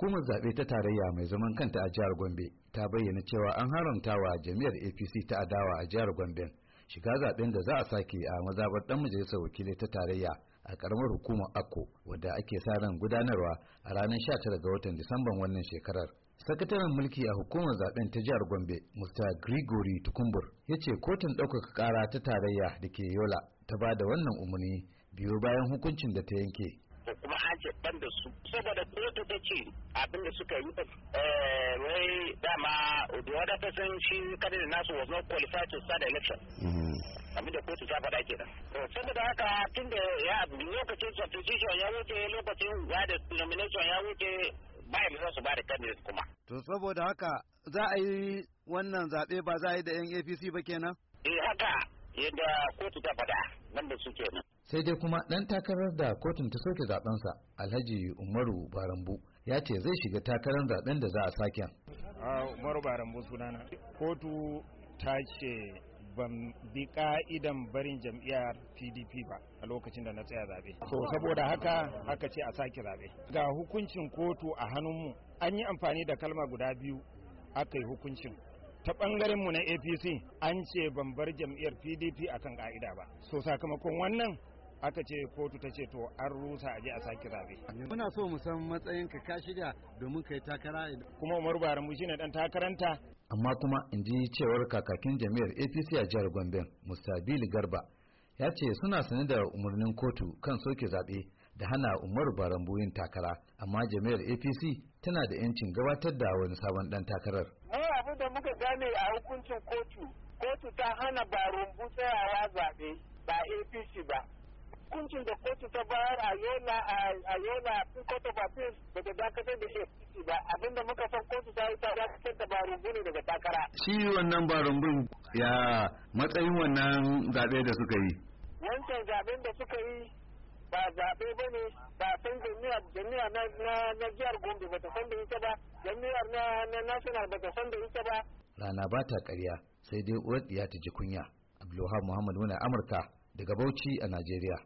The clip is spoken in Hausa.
hukumar zaɓe ta tarayya mai zaman kanta a jihar gombe ta bayyana cewa an haramta wa jami'ar apc ta adawa a jihar gombe shiga zaɓen da za a sake a mazabar ɗan majalisar wakilai ta tarayya a ƙaramar hukumar akko wadda ake sa ran gudanarwa a ranar sha 19 ga watan disamban wannan shekarar sakataren mulki a hukumar zaben ta jihar gombe mr gregory tukumbur ya ce kotun ɗaukaka ƙara ta tarayya da ke yola ta ba da wannan umarni biyo bayan hukuncin da ta yanke ce da su saboda kotu ta ce abin da suka yi eh, wai dama the other person shi da nasu was not qualified to start election mm-hmm. abin da kotu ta faɗa kenan to saboda haka tun da ya lokacin substitution ya wuce lokacin ya da nomination ya wuce bayan za su ba da candidate kuma to saboda haka za a yi wannan zaɓe ba za a yi da yan apc ba kenan eh haka yadda kotu ta faɗa nan da su kenan sai dai kuma ɗan takarar da kotun ta soke zaɓensa alhaji umaru barambu ya ce zai shiga takarar zaɓen da za a sake umaru barambu sunana kotu ta ce ban bi ka'idan barin jam'iyyar pdp ba a lokacin da na tsaya zaɓe so saboda haka aka ce a sake zaɓe ga hukuncin kotu a hannunmu an yi amfani da kalma guda biyu aka yi hukuncin ta ɓangarenmu na apc an ce ban bar jam'iyyar pdp akan ka'ida ba so sakamakon wannan aka ce kotu ta ce to an rusa a je a sake zabe muna so mu san matsayin ka ka shirya domin kai takara kuma Umar Baramu shine dan takaranta amma kuma in ji cewar kakakin jami'ar APC a jihar Gombe Mustabili Garba ya ce suna sanar da umarnin kotu kan soke zabe da hana Umar Barambu yin takara amma jami'ar APC tana da yancin gabatar da wani sabon dan takarar mu da muka gane a hukuncin kotu kotu ta hana Barumbu tsayawa zabe ba APC ba hukuncin da kotu ta bayar a yola a yola a kotu ba appeals da ta dakatar da APC ba abinda muka san kotu ta yi ta dakatar da barumbu ne daga takara. Shi wannan barumbun ya matsayin wannan zaɓe da suka yi. Wancan zaɓen da suka yi ba zaɓe ba ne ba san jami'ar na jihar Gombe ba ta san da ita ba jami'ar na national ba ta san da ita ba. Rana ba ta ƙarya sai dai uwar ta ji kunya. Abdulwahab Muhammad muna Amurka daga Bauchi a Najeriya.